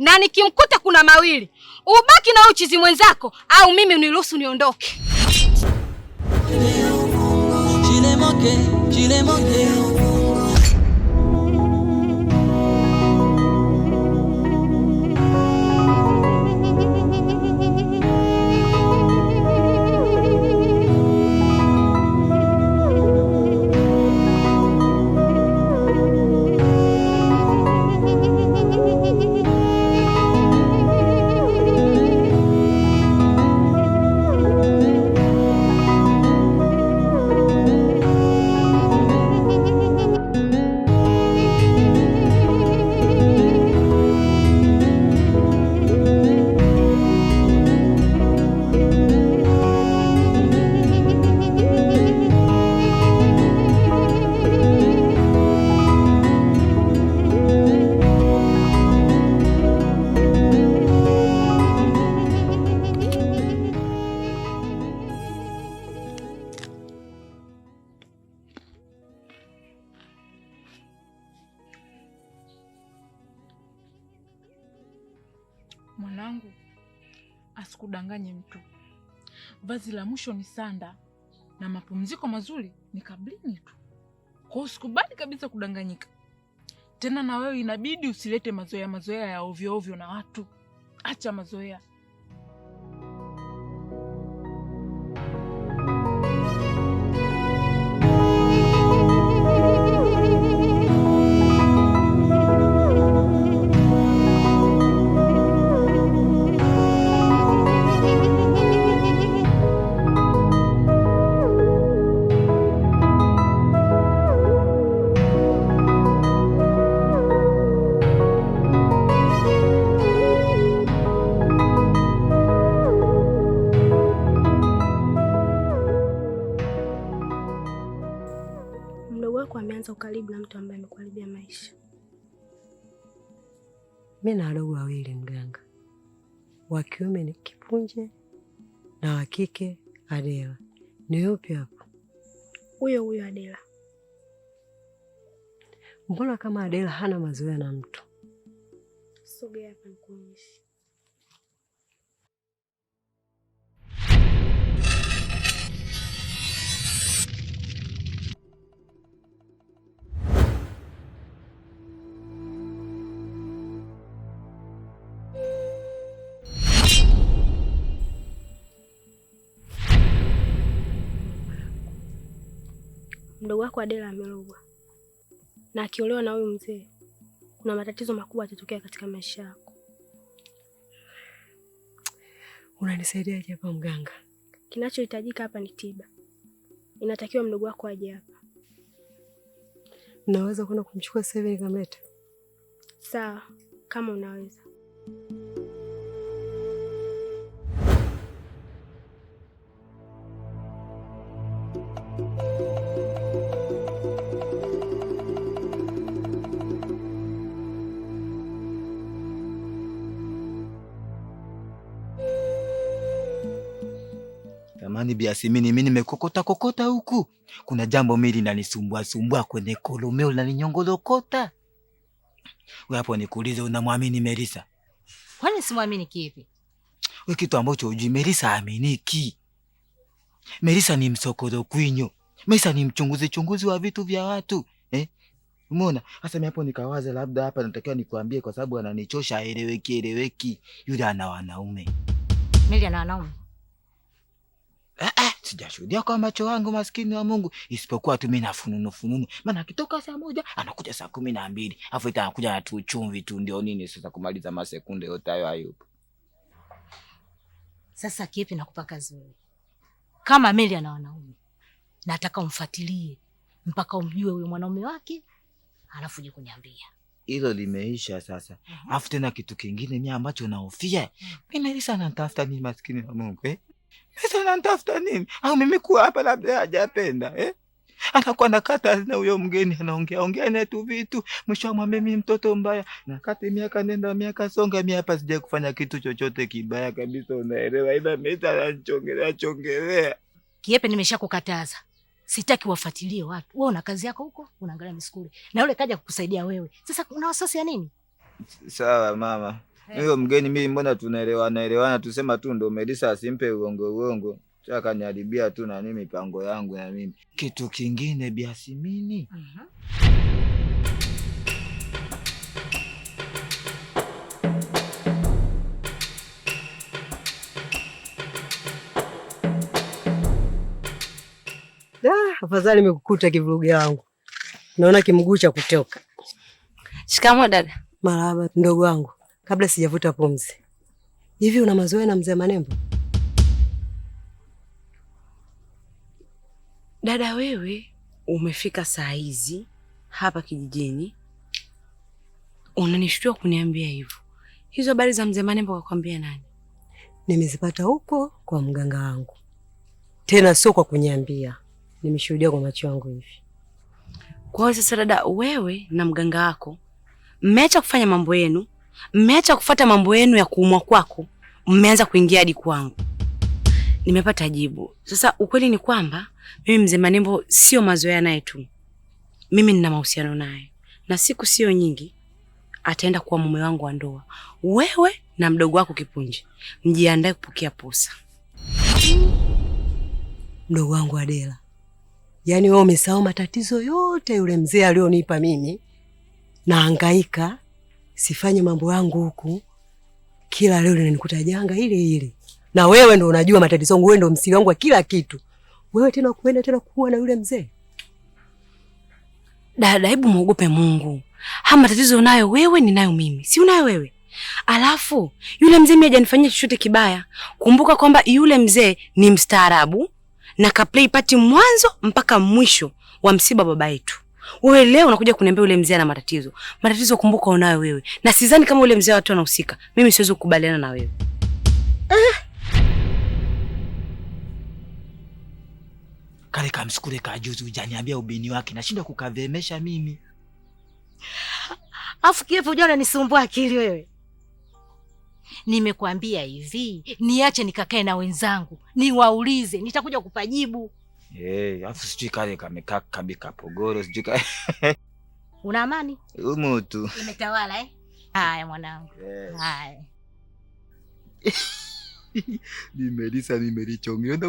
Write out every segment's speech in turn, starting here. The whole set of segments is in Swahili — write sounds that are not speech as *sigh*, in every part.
na nikimkuta kuna mawili, ubaki na uchizi mwenzako au mimi uniruhusu niondoke. chile moke. Mwanangu, asikudanganye mtu. Vazi la mwisho ni sanda na mapumziko mazuri ni kablini tu. Kwa usikubali kabisa kudanganyika tena, na wewe inabidi usilete mazoea mazoea ya ovyo ovyo na watu. Acha mazoea. kiume ni kipunje na wa kike Adela. Ni yupi hapo? Huyo huyo Adela. Mbona kama Adela hana mazoea na mtu? Sogea hapa nikuonyeshe. mdogo wako Adela amelogwa na akiolewa na huyu mzee, kuna matatizo makubwa yatatokea katika maisha yako. Unanisaidiaje hapa mganga? Kinachohitajika hapa ni tiba, inatakiwa mdogo wako aje hapa. Naweza kwenda kumchukua sasa hivi nikamleta? Sawa, kama unaweza fulani biasimi mimi nimekokota kokota huku, kuna jambo mimi linanisumbua sumbua kwenye kolomeo linaninyongolokota. Wewe hapo nikuulize, unamwamini Melisa? Kwani simwamini kipi? Wewe kitu ambacho hujui, Melisa aminiki. Melisa ni msokoro kwinyo, Melisa ni mchunguzi chunguzi wa vitu vya watu eh? Umeona? Sasa mimi hapo nikawaza labda hapa natakiwa nikuambie kwa sababu ananichosha, aeleweki eleweki. Yule ana wanaume. Mimi ana wanaume. Eh, eh, sijashuhudia kwa macho yangu maskini wa Mungu, isipokuwa tu mimi nafununu fununu maana akitoka saa moja anakuja saa kumi na mbili afu anakuja na tuchumvi tu, ndio nini sasa kumaliza masekunde yote hayo hayupo. Sasa kipi nakupa kazi wewe? Kama Meli ana wanaume, nataka umfuatilie mpaka umjue huyo mwanaume wake, alafu je kuniambia. Hilo limeisha sasa. Mm -hmm. Afu tena kitu kingine mhm. mimi ambacho naofia mimi, Melisa anatafuta ni maskini wa Mungu eh? Sasa ananitafuta nini? Au mimi kuwa hapa labda hajapenda eh? Anakuwa nakata na huyo mgeni anaongea ongea naye tu vitu. Mwisho wa mwambie mimi mtoto mbaya. Nakati miaka nenda miaka songa mimi hapa sija kufanya kitu chochote kibaya kabisa unaelewa. Ila mimi anachongelea chongelea. Kiepe nimeshakukataza. Sitaki wafuatilie watu. Wewe una kazi yako huko, unaangalia misukuli. Na yule kaja kukusaidia wewe. Sasa una wasiwasi ya nini? Sawa mama. Hiyo mgeni, mimi mbona tunaelewana elewana, tusema tu ndo Melisa asimpe uongo uongo, cha kaniharibia tu nani mipango yangu na mimi. Kitu kingine Biasimini, uh mhm. -huh. Afadhali nimekukuta kivuruga yangu naona kimguu cha kutoka. Shikamoo dada. Marahaba, ndogo wangu kabla sijavuta pumzi. Hivi una mazoea na mzee Manembo? Dada wewe, umefika saa hizi hapa kijijini, unanishtua kuniambia hivyo? Hizo habari za mzee Manembo kakwambia nani? Nimezipata huko kwa mganga wangu, tena sio kwa kuniambia, nimeshuhudia kwa macho yangu hivi. Kwa hiyo sasa, dada wewe na mganga wako mmeacha kufanya mambo yenu Mmeacha kufuata mambo yenu ya kuumwa kwako, mmeanza kuingia hadi kwangu. Nimepata jibu. Sasa ukweli ni kwamba mimi mzee Manembo sio mazoea naye tu, mimi nina mahusiano naye, na siku sio nyingi ataenda kuwa mume wangu wa ndoa. Wewe na mdogo wako Kipunji mjiandae kupokea posa. Mdogo wangu Adela, yaani wewe umesahau matatizo yote yule mzee alionipa mimi, naangaika sifanye mambo yangu huku, kila leo linanikuta janga ile ile. Na wewe ndo unajua matatizo yangu, wewe ndo msiri wangu wa kila kitu. Wewe tena kuenda tena kuwa na yule mzee dada, hebu muogope Mungu. Haya matatizo unayo wewe, ninayo mimi, si unayo wewe? Alafu yule mzee mimi hajanifanyia chochote kibaya. Kumbuka kwamba yule mzee ni mstaarabu na kaplay pati mwanzo mpaka mwisho wa msiba baba yetu. Wewe leo unakuja kuniambia ule mzee ana matatizo. Matatizo kumbuka unayo wewe. Na sidhani kama ule mzee watu anahusika. Mimi siwezi kukubaliana na wewe. Eh. Kale kamshukure kajuzi ujaniambia ubini wake. Nashindwa kukavemesha mimi. Afu kirefu jana nisumbua akili wewe. Nimekwambia hivi, niache nikakae na wenzangu, niwaulize, nitakuja kupajibu. Eh, afu sijui kale kamekaa kabi kapogoro sijui *laughs* Una amani? Umu tu. Imetawala eh? Haya mwanangu. Haya. *laughs* Nimelisa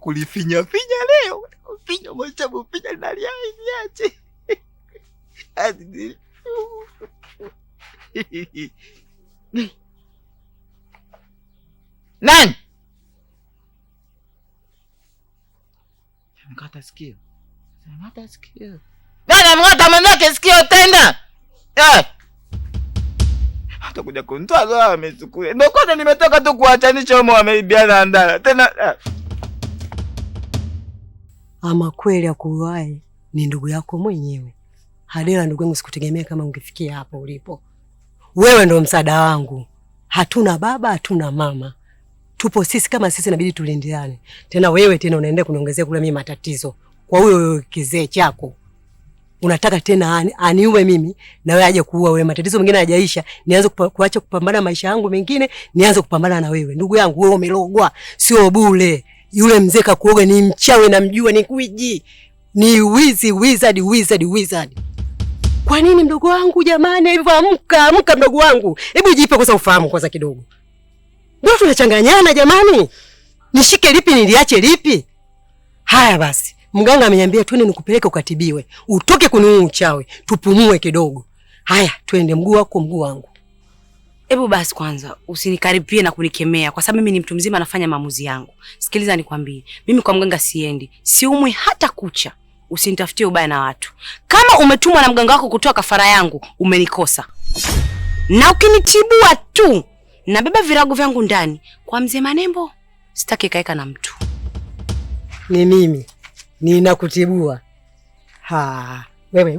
kulifinya finya leo. Finya mwacha mfinya Nani? *laughs* Nikata sikio. Nikata sikio. Bana mngata mwanake sikio tena. Eh. Hata kuja kuntoa zao amesukule. Ndio kwanza nimetoka tu kuachanisha homo ameibiana ndala. Tena eh. Ama kweli akuwai ni ndugu yako mwenyewe. Hadela, ndugu yangu, sikutegemea kama ungefikia hapa ulipo. Wewe ndo msaada wangu. Hatuna baba, hatuna mama tupo sisi kama sisi, inabidi tulindiane. Tena wewe tena unaenda kuniongezea kule mimi matatizo kwa huyo kizee chako. Unataka tena ani, aniume mimi na wewe aje kuua wewe. Matatizo mengine hayajaisha, nianze kuacha kupambana maisha yangu mengine, nianze kupambana na wewe. Ndugu yangu, wewe umelogwa sio bure. Yule mzee kakuoga ni mchawi, namjua, ni kuiji, ni wizi, wizard, wizard, wizard. Kwa nini mdogo wangu jamani? Hivyo amka, amka mdogo wangu, hebu jipe kwanza ufahamu kwanza kidogo. Ndio tunachanganyana jamani, nishike lipi niliache lipi? Haya basi, mganga ameniambia twende nikupeleke ukatibiwe, utoke kuniua uchawi, tupumue kidogo. Haya, twende. Mguu wako mguu wangu. Hebu basi kwanza usinikaribie na kunikemea kwa sababu mimi ni mtu mzima, nafanya maamuzi yangu. Sikiliza nikwambie, mimi kwa mganga siendi, siumwi hata kucha. Usinitafutie ubaya na watu. Kama umetumwa na mganga wako kutoa kafara yangu, umenikosa na ukinitibua tu nabeba virago vyangu ndani kwa mzee Manembo, sitaki kaeka na mtu. Ni mimi ninakutibua. Ha, wewe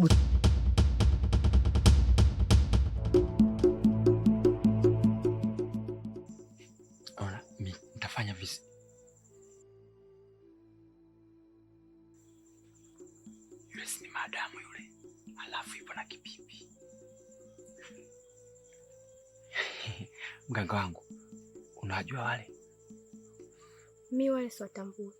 Mganga wangu, unajua wale? Mi wale siwatambui.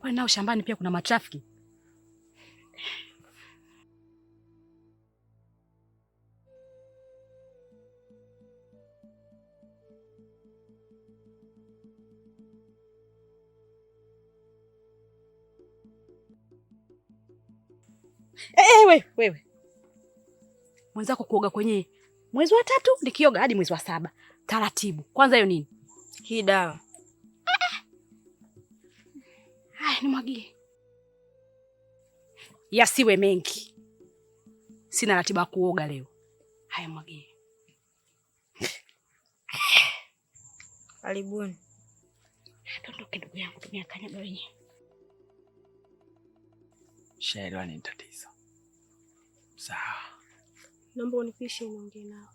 Wanao shambani pia kuna matrafiki wewe wewe mwenzako kuoga kwenye mwezi wa tatu nikioga hadi mwezi wa saba taratibu. Kwanza hiyo nini hii dawa haya, ni nimwagie yasiwe mengi, sina ratiba ya kuoga leo. Haya, mwagie. Karibuni. Tondoke ndugu yangu, tumia kanyaga wenyewe shaelewa ni tatizo Sawa, naomba unipishe niongee nao.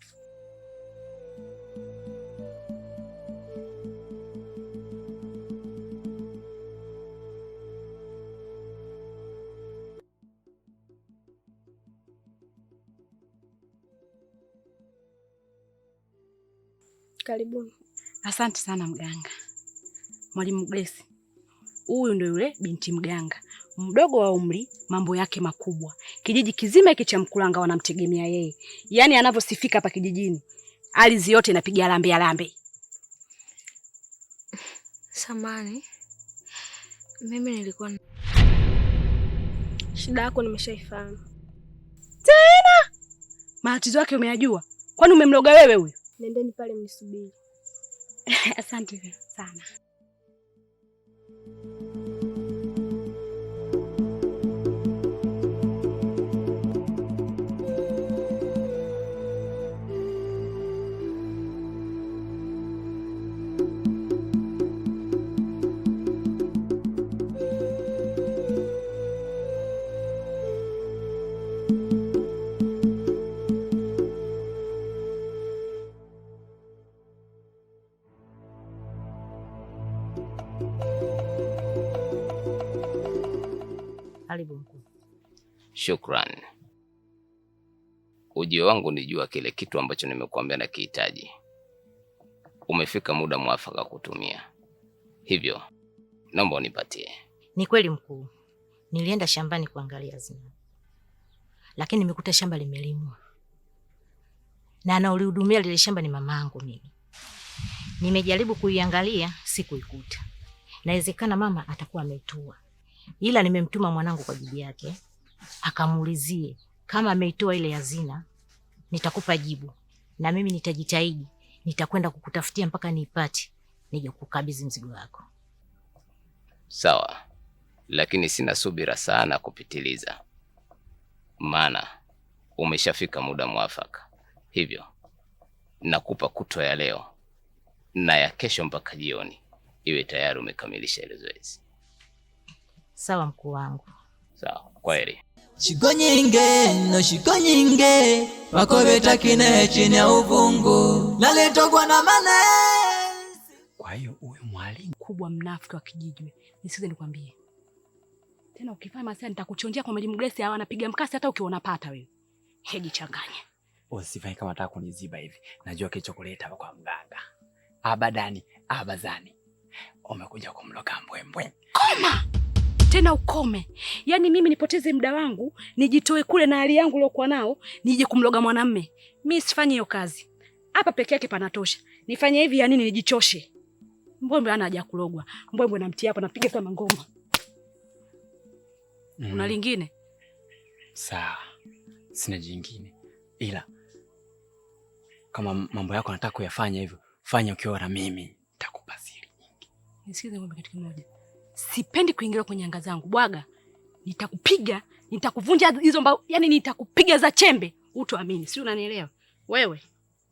Karibuni. Asante sana mganga. Mwalimu Grace, huyu ndio yule binti mganga mdogo wa umri, mambo yake makubwa. Kijiji kizima hiki cha Mkulanga wanamtegemea yeye, yaani anavyosifika hapa kijijini ardhi yote inapiga lambe lambe. Samani, mimi nilikuwa shida yako nimeshaifahamu. Tena matatizo yake umeyajua? Kwani umemloga wewe huyu? Nendeni pale msubiri. *laughs* Asante sana. Shukran. Ujio wangu ni jua kile kitu ambacho nimekuambia na kihitaji. Umefika muda mwafaka kutumia, hivyo naomba unipatie. Ni kweli mkuu, nilienda shambani kuangalia zina, lakini nimekuta shamba limelimwa na anaolihudumia lile shamba ni mamaangu mimi. Nimejaribu kuiangalia sikuikuta, nawezekana mama atakuwa ametua, ila nimemtuma mwanangu kwa bibi yake akamuulizie kama ameitoa ile hazina, nitakupa jibu, na mimi nitajitahidi, nitakwenda kukutafutia mpaka niipate, nije kukabidhi mzigo wako. Sawa, lakini sina subira sana kupitiliza, maana umeshafika muda mwafaka, hivyo nakupa kutwa ya leo na ya kesho mpaka jioni, iwe tayari umekamilisha ile zoezi. Sawa mkuu wangu. Sawa, kwaheri. Shiko nyinge no shiko nyinge wakobeta kine chini ya uvungu lalitogwa na mane. Kwa hiyo huyu mwalimu kubwa mnafiki wa kijiji, nisikize nikwambie tena, ukifanya masaa nitakuchonjea kwa mwalimu Grace. Hawa anapiga mkasi hata ukiona pata wewe. Heji changanya usifanye kama nataka kuniziba hivi, najua kilichokuleta hapa kwa mganga abadani abazani, umekuja kumloga mbwembwe. Koma! tena ukome. Yaani mimi nipoteze muda wangu, nijitoe kule na hali yangu iliyokuwa nao, nije kumloga mwanamme. Mimi sifanye hiyo kazi. Hapa peke yake panatosha. Nifanye hivi ya nini nijichoshe? Mbwembwe ana haja kulogwa. Mbwembwe namtia hapa napiga kama ngoma. Mm. Una lingine? Sawa. Sina jingine. Ila kama mambo yako nataka kuyafanya hivyo, fanya ukiwa na mimi, nitakupa siri nyingi. Nisikize ngombe kitu kimoja sipendi kuingilia kwenye anga zangu. Bwaga, nitakupiga nitakuvunja hizo mbao, yani nitakupiga za chembe, utoamini. Si unanielewa wewe?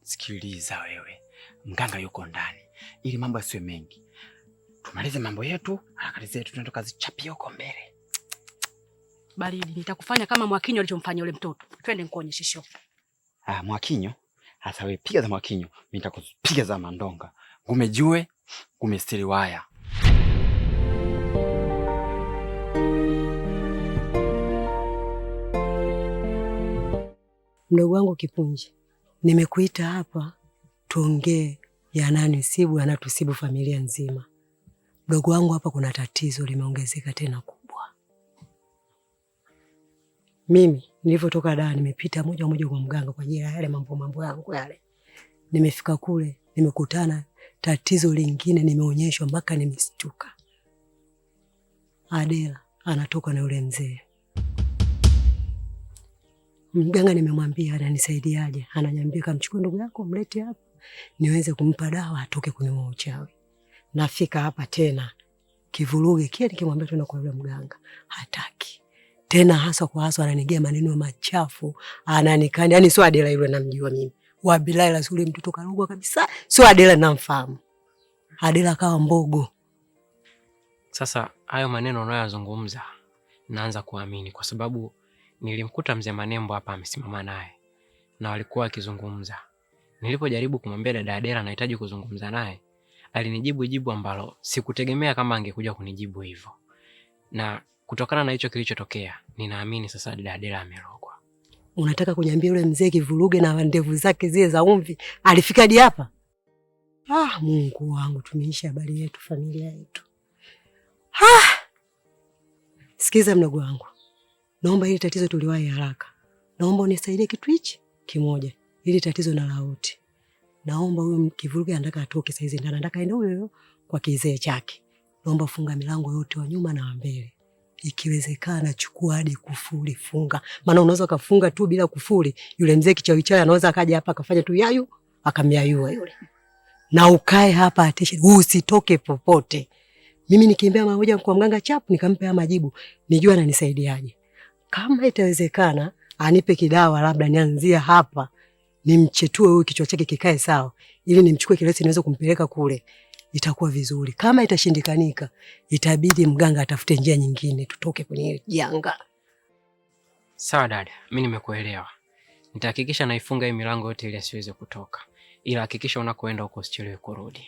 Sikiliza wewe, mganga yuko ndani, ili mambo yasiwe mengi, tumalize mambo yetu, harakati zetu, tunaenda kazichapia huko mbele. Baridi, nitakufanya kama Mwakinyo alichomfanya yule mtoto. Twende nikuonyeshe show. Ah, Mwakinyo hasa wewe, piga za Mwakinyo, mimi nitakupiga za Mandonga, ngumejue ngumestiri waya Mdogo wangu Kipunji, nimekuita hapa tuongee yananisibu yanatusibu familia nzima. Mdogo wangu, hapa kuna tatizo limeongezeka tena kubwa. Mimi nilivyotoka daa, nimepita moja moja kwa mganga kwa ajili ya yale mambo mambo yangu yale. Nimefika kule, nimekutana tatizo lingine, nimeonyeshwa mpaka nimeshtuka. Adela anatoka na yule mzee Mganga nimemwambia ananisaidiaje? Ananiambia kamchukue ndugu yako mlete hapa niweze kumpa dawa atoke kwenye uchawi. Nafika hapa tena kivuruge kile nikimwambia tuna kwa yule mganga, hataki. Tena hasa kwa hasa ananigea maneno machafu, ananikani, yani sio Adela yule namjua mimi. Wa Bilal yule mtoto karugwa kabisa. Sio Adela namfahamu. Adela kawa mbogo. Sasa hayo maneno unayozungumza naanza kuamini kwa sababu Nilimkuta mzee Manembo hapa amesimama naye na walikuwa wakizungumza. Nilipojaribu kumwambia dada Adela anahitaji kuzungumza naye, alinijibu jibu ambalo sikutegemea kama angekuja kunijibu hivyo, na kutokana na hicho kilichotokea, ninaamini sasa dada Adela amerogwa. Unataka kuniambia yule mzee kivuruge na ndevu zake zile za umvi alifika alifikaje hapa? Ah, Mungu wangu, tumeisha habari yetu, familia yetu. Ah, sikiza mdogo wangu naomba hili tatizo tuliwahi haraka, naomba unisaidie kitu hichi kimoja, hili tatizo na lauti, naomba huyo kivuruge anataka atoke saa ndani, anataka aende huyo kwa kizee chake, naomba funga milango yote wa nyuma na mbele, ikiwezekana chukua hadi kufuli, funga. Maana unaweza kufunga tu bila kufuli, yule mzee kichawi chawi anaweza akaja hapa akafanya tu yayu akamyayua yule, na ukae hapa atishe, usitoke popote. Mimi nikimbea mara kwa mganga chapu, nikampa majibu, nijua ananisaidiaje kama itawezekana anipe kidawa, labda nianzia hapa nimchetue huyu kichwa chake kikae sawa, ili nimchukue kiresi niweze kumpeleka kule, itakuwa vizuri. Kama itashindikanika, itabidi mganga atafute njia nyingine, tutoke kwenye janga. Sawa dada, mi nimekuelewa. Nitahakikisha naifunga hii milango yote ili asiweze kutoka, ila hakikisha unakoenda huko usichelewe kurudi.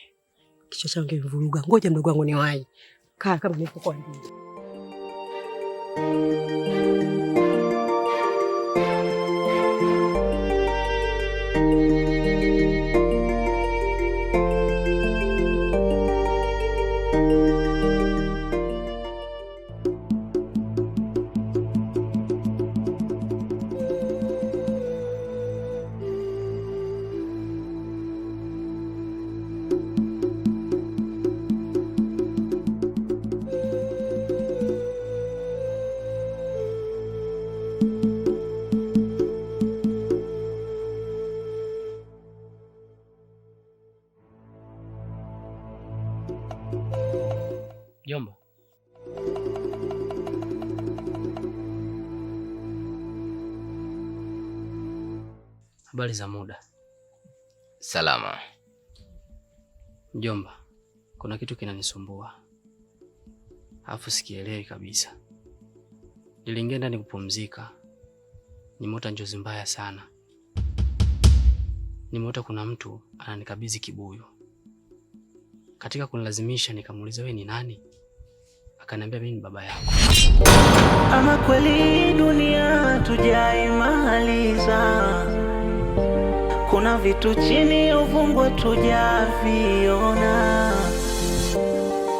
Kichwa changu kimevuruga. Ngoja mdogo wangu ni wai kaa kama nilipokuambia. Jomba, habari za muda? Salama. Jomba, kuna kitu kinanisumbua, alafu sikielewi kabisa. Niliingia ndani kupumzika, nimeota njozi mbaya sana. Nimeota kuna mtu ananikabidhi kibuyu katika kunilazimisha nikamuuliza, wewe ni nani? Akaniambia mimi ni baba yako. Ama kweli dunia tujaimaliza, kuna vitu chini uvungwa tujaviona,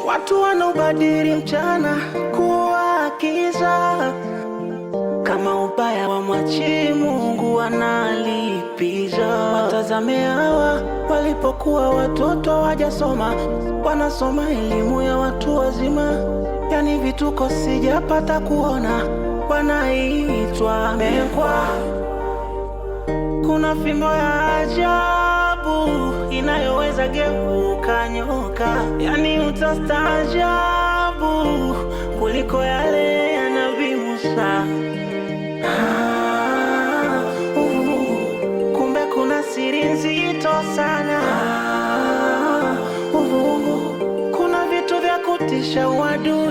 watu wanaobadili mchana kuwa kiza kama ubaya wa mwachi Mungu analipiza. Watazame hawa walipokuwa watoto wajasoma, wanasoma elimu ya watu wazima, yani vituko sijapata kuona, wanaitwa mekwa. Kuna fimbo ya ajabu inayoweza geuka nyoka, yani utastaajabu kuliko yale ya Shall ah, I uh, kumbe kuna siri nzito sana ah, uh, kuna vitu vya kutisha